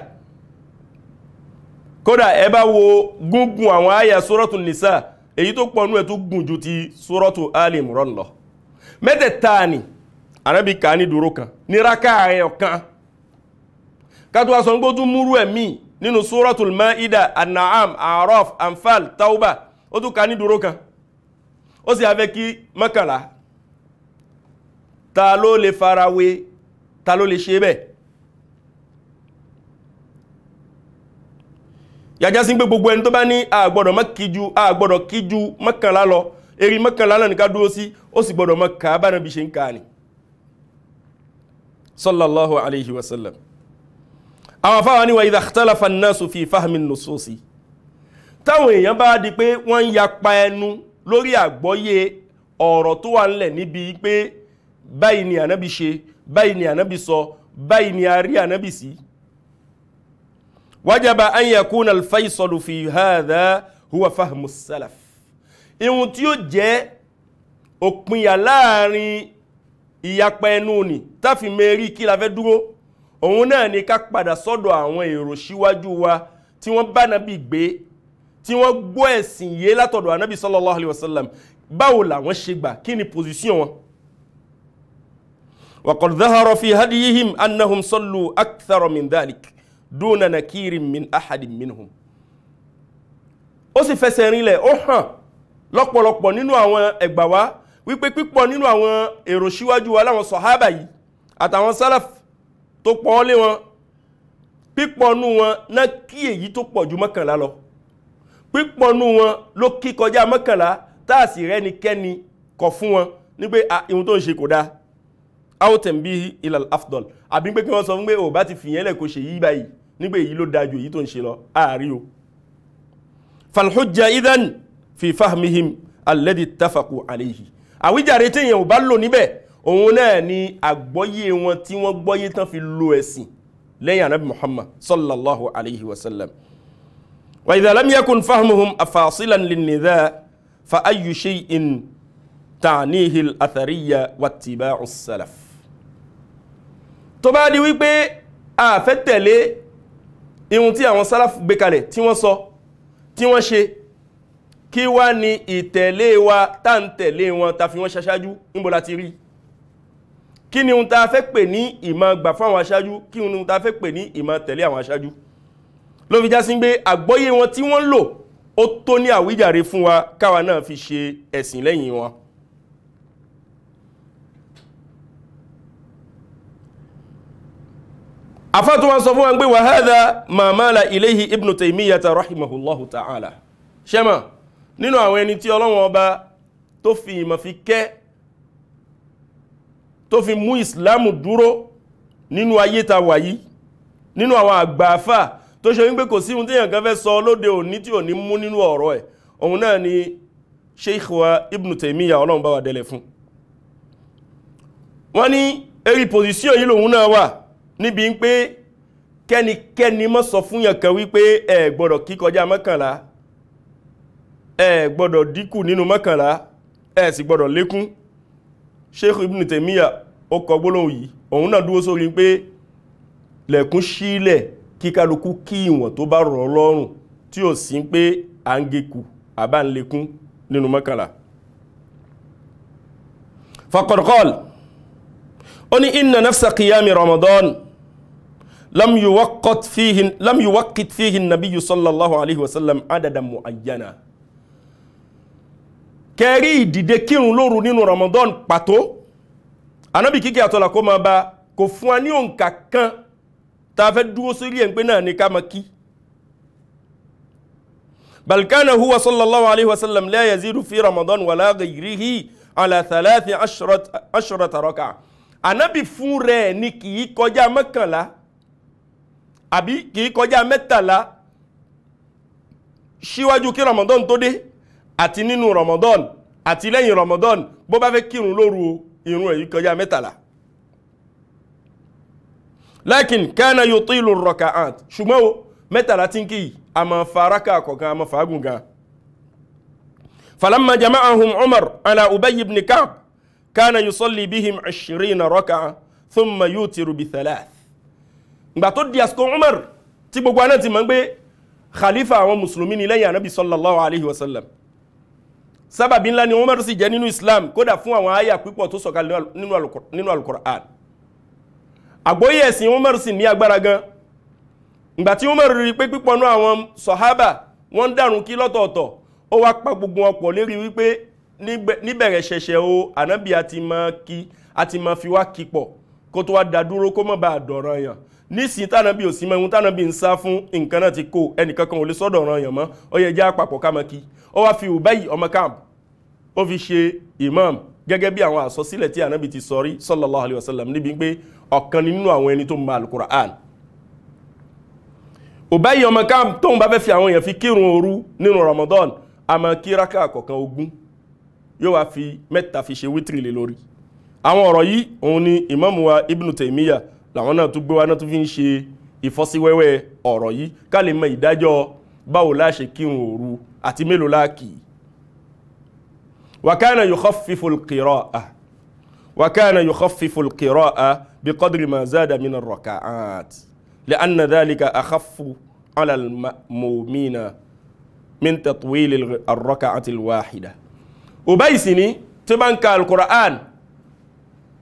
kódà ẹ bá wo gúngùn àwọn àyà suratul nisa èyí tó pọnú ẹ̀ tó gùn ju ti sórọ́tù Ali Imran lọ mẹ́tẹ̀ẹ̀ta ni Ànábì ká ní dúró kan ní rákà ẹyọ kan kátó wá sọ ń gbójú múrú ẹ̀ míì nínú sórọ́tù Maida An-Naam Araf Anfal Tauba ó tún ká ní dúró kan ó sì afẹ́ kí mọ́kànlá ta ló lè farawé ta ló lè ṣe bẹ́ẹ̀ yàjá sí pé gbogbo ẹni tó bá ní àgbọ̀dọ̀ má kíjú àgbọ̀dọ̀ kíjú mọ́kànlá lọ eri mọ́kànlá náà ní ká dúró sí ó sì gbọ́dọ̀ mọ́ ká bá nàbí ṣe ń ká ni sallallahu alayhi wa sallam àwọn afáwa ni wa idha ikhtalafa an-nasu fi fahmi an-nususi táwọn èèyàn bá di pé wọ́n ń yapa ẹnu lórí àgbọ́yé ọ̀rọ̀ tó wà ńlẹ̀ níbi pé báyìí ni ànábì ṣe báyìí ni ànábì sọ báyìí ni a rí ànábì sí si wájàbá an yakuna alfaisalu fi hadha huwa fahmu salaf ihun tí ó jẹ́ òpinya láàrin ìyapa ẹnu ni táfi mẹ́rí kí la fẹ́ dúró òun náà ni ká padà sọ́dọ̀ àwọn èrò síwájú wa tí wọ́n bá nábì gbé tí wọ́n gbọ́ ẹ̀sìn yé látọ̀dọ̀ ànábì sallallahu alayhi wa sallam báwo làwọn ṣe gbà kí ni pòsíṣìn wọn. wa qad dhahara fi hadiyihim annahum sallu akthara dúnà nàkírì min ahadi minhum ó sì fẹsẹ̀ rinlẹ̀ ó hàn lọ́pọ̀lọpọ̀ nínú àwọn ẹgbà wá wípé pípọ̀ nínú àwọn èrò síwájú wa láwọn sọ̀hábà yìí àtàwọn sálàf tó pọ̀ lé wọn pípọ̀ nú wọn náà kí èyí tó pọ̀ ju mọ́kànlá lọ pípọ̀ nú wọn ló kí kọjá mọ́kànlá táàsì rẹ́nikẹ́ni kọ̀ fún wọn nígbé ohun tó ń ṣe kò dáa aw tanbihi ila al-afdal àbí pé kí wọ́n sọ fún pé ò bá ti fìyẹn lẹ̀ kó ṣe yí báyìí nígbà èyí ló dáa ju èyí tó ń ṣe lọ ààrí o. falhujja idan fi fahmihim alladhi ittafaqu alayhi àwíjàre téèyàn ò bá lò níbẹ̀ òun náà ni àgbọ́yé wọn tí wọ́n gbọ́yé tán fi lo ẹ̀sìn lẹ́yìn anabi muhammad sallallahu alayhi wa sallam. wa idha lam yakun fahmuhum afasilan linnidha fa ayyu shay'in ta'nihi al-athariya wa ittiba'u salaf tó bá di wípé a fẹ́ tẹ̀lé ihun tí àwọn sálàfù gbé kalẹ̀ tí wọ́n sọ tí wọ́n ṣe kí wá ní ìtẹ̀lé wa tá ń tẹ̀lé wọn ta fi wọ́n ṣaṣáájú níbo ti rí kí ni ohun ta fẹ́ pè ní ìmọ̀ gbà fún àwọn aṣáájú kí ni ohun ta fẹ́ pè ní ìmọ̀ tẹ̀lé àwọn aṣáájú ló fi já sí pé àgbọ́yé wọn tí wọ́n lò ó tó ní àwíjàre fún wa káwa náà fi ṣe ẹ̀sìn lẹ́yìn wọn afáàtò wọn sọ fún wọn pé wa hadha ma mala ilayhi ibnu taymiyata rahimahullahu ta'ala ṣẹ́mà nínú àwọn ẹni tí ọlọ́wọ́n ọba tó fi ìmọ̀ fi kẹ́ tó fi mú ìsìláàmù dúró nínú ayé ta wàyí nínú àwọn àgbààfà tó ṣe wípé kò sí ohun téèyàn kan fẹ́ sọ lóde òní tí ò ní mú nínú ọ̀rọ̀ ẹ̀ òun náà ni sheikh wa ibnu taymiyya bá wà délẹ̀ fún wọ́n ní eri position yìí lòun náà wà níbi ń pé kẹ́nikẹ́ni mọ́ sọ fún yàn wípé ẹ gbọ́dọ̀ kí mọ́kànlá ẹ gbọ́dọ̀ dínkù nínú mọ́kànlá ẹ sì gbọ́dọ̀ lékún Sheikh Ibn Taymiyyah ó kọ gbólóhùn yìí òun náà dúró sórí pé lẹ̀kún sílẹ̀ kí kí ìwọ̀n tó bá rọ̀ lọ́rùn tí ò sí pé à ń gekù àbá ń lékún nínú mọ́kànlá faqad ó ní inna nafsa qiyami Ramadan lam yuwaqqat fihi lam yuwaqqit fihi an-nabiy sallallahu alayhi wa sallam adadan muayyana kẹ́rí ìdìde kírun lóru nínú Ramadan pàtó anábì kíkẹ́ àtọ́là kó máa bá kò fún wa ní òǹkà kan tá a fẹ́ dúró sórí ẹ̀ ń pé náà ní ká máa kí balkana huwa sallallahu alaihi wasallam la yazidu fi Ramadan wala ghayrihi ala thalathi ashrata raka anábì fún rẹ̀ ní kì í kọjá àbí kìí kọjá mẹ́tàlá síwájú kí Ramadan tó dé àti nínú Ramadan àti lẹ́yìn Ramadan bó bá fẹ́ kírun lóru irun èyí kọjá mẹ́tàlá lakin kana yutilu raka'at ṣùgbọ́n o mẹ́tàlá tí ń kí àmọ́ faraka kọ̀ọ̀kan àmọ́ fàágùn gan falamma jama'ahum Umar ala Ubay ibn Ka'b kana yusalli bihim 20 raka'a thumma yutiru bi thalath ìgbà tó di àsìkò Umar tí gbogbo aná ti mọ̀ ń pé khalifa àwọn mùsùlùmí ni lẹ́yìn anabi sallallahu alayhi wa sallam sábàbí ńlá ni Umar sì jẹ́ nínú Islam kódà fún àwọn àyà pípọ̀ tó sọ̀kalẹ̀ nínú alukur'an àgbóyè ẹ̀sìn Umar sì ní agbára gan ìgbà tí Umar rí pé pípọ̀ nú àwọn sọ̀hábà wọ́n ń dàrún kí lọ́tọ̀ọ̀tọ̀ ó wá pa gbogbo wọn pọ̀ lérí wípé níbẹ̀rẹ̀ ṣẹ̀ṣẹ̀ o anabi àti máa fi wá kí pọ̀ kó tó wá dá dúró kó má bàa dọ̀ranyàn nísìnyí tánàbí ò sí mọ ohun tánàbí ń sá fún nǹkan náà ti kó ẹnìkan kan ò lè sọ́dọ̀ ọ̀ràn yàn mọ́ ó yẹ jẹ́ àpapọ̀ ká mọ́ kí ó wá fi Ubayy ọmọ Ka'b ó fi ṣe imam gẹ́gẹ́ bí àwọn àsọsílẹ̀ tí ànábì ti sọ rí sallallahu alayhi wa sallam níbi pé ọ̀kan nínú àwọn ẹni tó ń ma alukur'an Ubayy ọmọ Ka'b tóun bá fẹ́ fi àwọn èèyàn fi kírun òru nínú Ramadan àmọ́ kí rákà kọ̀ọ̀kan ogún yóò wá fi mẹ́ta fi ṣe wítìrì lé lórí àwọn ọ̀rọ̀ yìí òun ni ìmáàmù wa Ibn Taymiyyah làwọn náà tún gbé wa náà tún fi ń ṣe ìfọ́síwẹ́wẹ́ ọ̀rọ̀ yìí ká lè mọ ìdájọ́ báwo la ṣe kírun òru àti mélòó la kì í wàkánà yukhaffifu al-qira'a wàkánà yukhaffifu al-qira'a biqadri ma zada min ar-raka'at li'anna dhalika akhaffu ala al-mu'mina min tatwil ar-raka'ati al-wahida Ubay tí bá ń ka al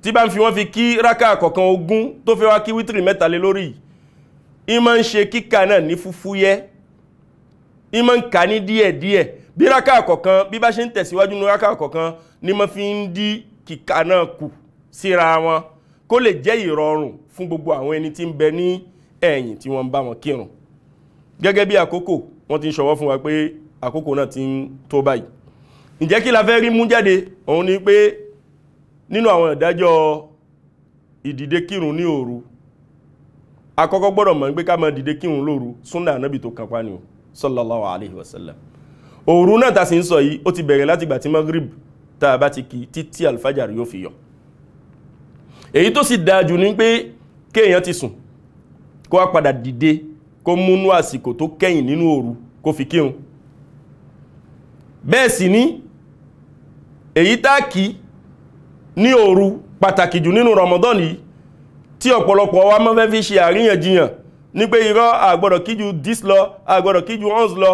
tí bá ń fi wọ́n fi kí rákà kọ̀kan ogún tó fẹ́ wá kí wítìrì mẹ́ta lé lórí ìmọ̀ ń ṣe kíkà náà ní fúfúyẹ́ ìmọ̀ ń kà ní díẹ̀díẹ̀ bí rákà kọ̀kan bí bá ṣe ń tẹ̀síwájú ní rákà kọ̀kan ni mo fi ń dí kíkà náà kù síra wọn kó lè jẹ́ ìrọ̀rùn fún gbogbo àwọn ẹni tí ń bẹ ní ẹ̀yìn tí wọ́n ń bá wọn kírun gẹ́gẹ́ bí àkókò wọ́n ti ń ṣọwọ́ fún wa pé àkókò náà ti ń tó báyìí ǹjẹ́ kí la fẹ́ rí mú jáde òun ni pé nínú àwọn ìdájọ́ ìdìde kírun ní òru akọ́kọ́ gbọ́dọ̀ mọ̀ pé ká máa dìde lóru súnà ànábì tó kàn pánìyàn sallallahu alaihi wasallam òru náà ta sì ń sọ yìí ó ti bẹ̀rẹ̀ láti gbà tí maghrib tá a bá ti kí títí alfajar yóò fi yọ èyí tó sì dáa jù ní pé kéèyàn ti sùn kó wá padà dìde kó múnú àsìkò tó kẹ́yìn nínú òru kó fi kírun bẹ́ẹ̀ sì ni èyí tá kìí ní oru pàtàkì jù nínú Ramadan yìí tí ọ̀pọ̀lọpọ̀ wa máa fẹ́ fi ṣe àríyànjiyàn ní pé irọ́ àgbọ̀dọ̀ kíjú dis lọ àgbọ̀dọ̀ kíjú ons lọ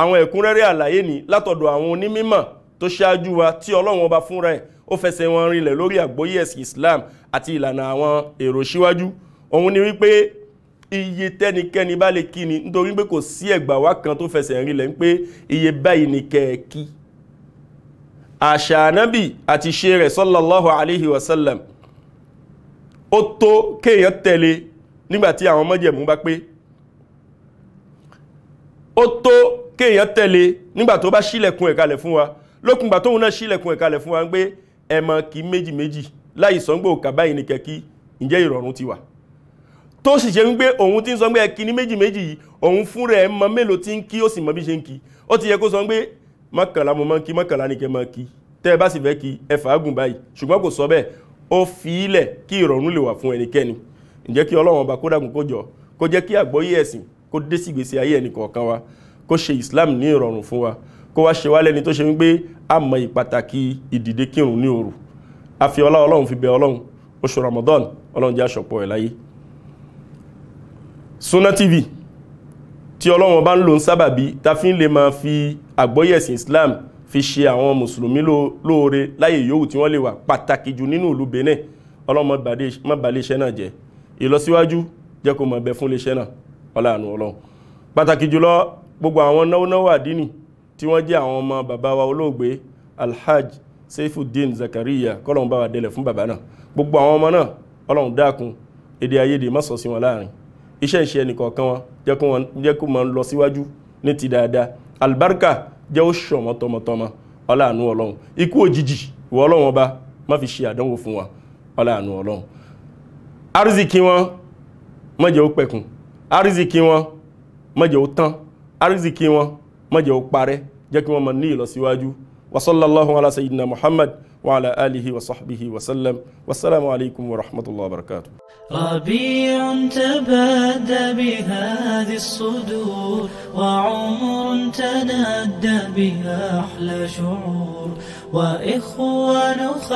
àwọn ẹ̀kúnrẹ́rẹ́ àlàyé ní látọ̀dọ̀ àwọn onímímọ̀ tó ṣáájú wa tí ọlọ́run ọba fúnra ẹ̀ ó fẹsẹ̀ wọn rinlẹ̀ lórí àgbóyé ẹ̀sìn Islam àti ìlànà àwọn èrò síwájú òun ni wípé iye tẹ́nikẹ́ni bá lè kí ni nítorí pé kò sí ẹ̀gbà wá kan tó fẹsẹ̀ rinlẹ̀ ń pé iye báyìí ni kẹ́ àṣà ànábì àti ṣe rẹ̀ sallallahu alaihi wasallam ó tó kéèyàn tẹ̀lé nígbàtí àwọn mọ́jẹ̀mú bá pé ó tó kéèyàn tẹ̀lé nígbà tó bá ṣílẹ̀kùn ẹ̀kalẹ̀ fún wa lókùngbà tóun náà ṣílẹ̀kùn ẹ̀kalẹ̀ fún wa ń gbé ẹ̀mọ̀ kí méjì méjì láì sọ́ngbò kàbá yìí nìkẹ́ kí ǹjẹ́ ìrọ̀rùn ti wà tó sì ṣe ń gbé òun mọ́kànlá mo máa ń kí mọ́kànlá ní kẹ́ máa kí tẹ́ ẹ bá sì fẹ́ kí ẹ fàágùn báyìí ṣùgbọ́n kò sọ bẹ́ẹ̀ ó fi ilẹ̀ kí ìrọ̀rùn lè wà fún ẹnikẹ́ni ǹjẹ́ kí ọlọ́run ọba kó dàgùn kó jọ kó jẹ́ kí àgbọ́yé ẹ̀sìn kó dé sí ìgbésí ayé ẹnì kọ̀ọ̀kan wa kó ṣe islam ní ìrọ̀rùn fún wa kó wá ṣe wá lẹ́ni tó ṣe wípé a mọ ìpàtàkì ìdìde kírun ní òru àfi ọlá ọlọ́run fi bẹ ọlọ́run oṣù ramadan ọlọ́run jẹ́ àṣọpọ̀ ẹ̀ TV tí ọlọ́run bá ń lò ń sábàbí ta fi ń lè máa fi àgbọ́yẹ̀sìn Islam fi ṣe àwọn mùsùlùmí lóore láyè yòówù tí wọ́n lè wà pàtàkì jù nínú ìlú Benin ọlọ́run má bà iléeṣẹ́ náà jẹ́ ìlọsíwájú jẹ́ kó mọ̀ bẹ fún iléeṣẹ́ náà ọláàánú ọlọ́run pàtàkì jùlọ gbogbo àwọn náwónáwó àdínì tí wọ́n jẹ́ àwọn ọmọ bàbá wa olóògbé alhaj seifuddin zakariya kọ́lọ́run bá wa délẹ̀ fún bàbá náà gbogbo àwọn ọmọ náà ọlọ́run dákun èdè àìyedè má sọ sí wọn láàrin iṣẹ́ ìṣe ẹnìkọ̀ọ̀kan wọn jẹ́ kó mọ lọ síwájú ní ti dáadáa albarka jẹ́ ó ṣọ̀mọ́ tọmọtọmọ ọláàánú ọlọ́run ikú òjijì ìwọ ọlọ́run ọba má fi ṣe àdánwò fún wa ọláàánú ọlọ́run arzikí wọn má jẹ́ ó pẹ̀kun arzikí wọn má jẹ́ ó tán arzikí wọn má jẹ́ ó parẹ́ jẹ́ kí wọ́n mọ ní ìlọsíwájú wa sallallahu muhammad وعلى آله وصحبه وسلم والسلام عليكم ورحمة الله وبركاته ربيع تبادى بهذه الصدور وعمر تنادى بها أحلى شعور وإخوان خير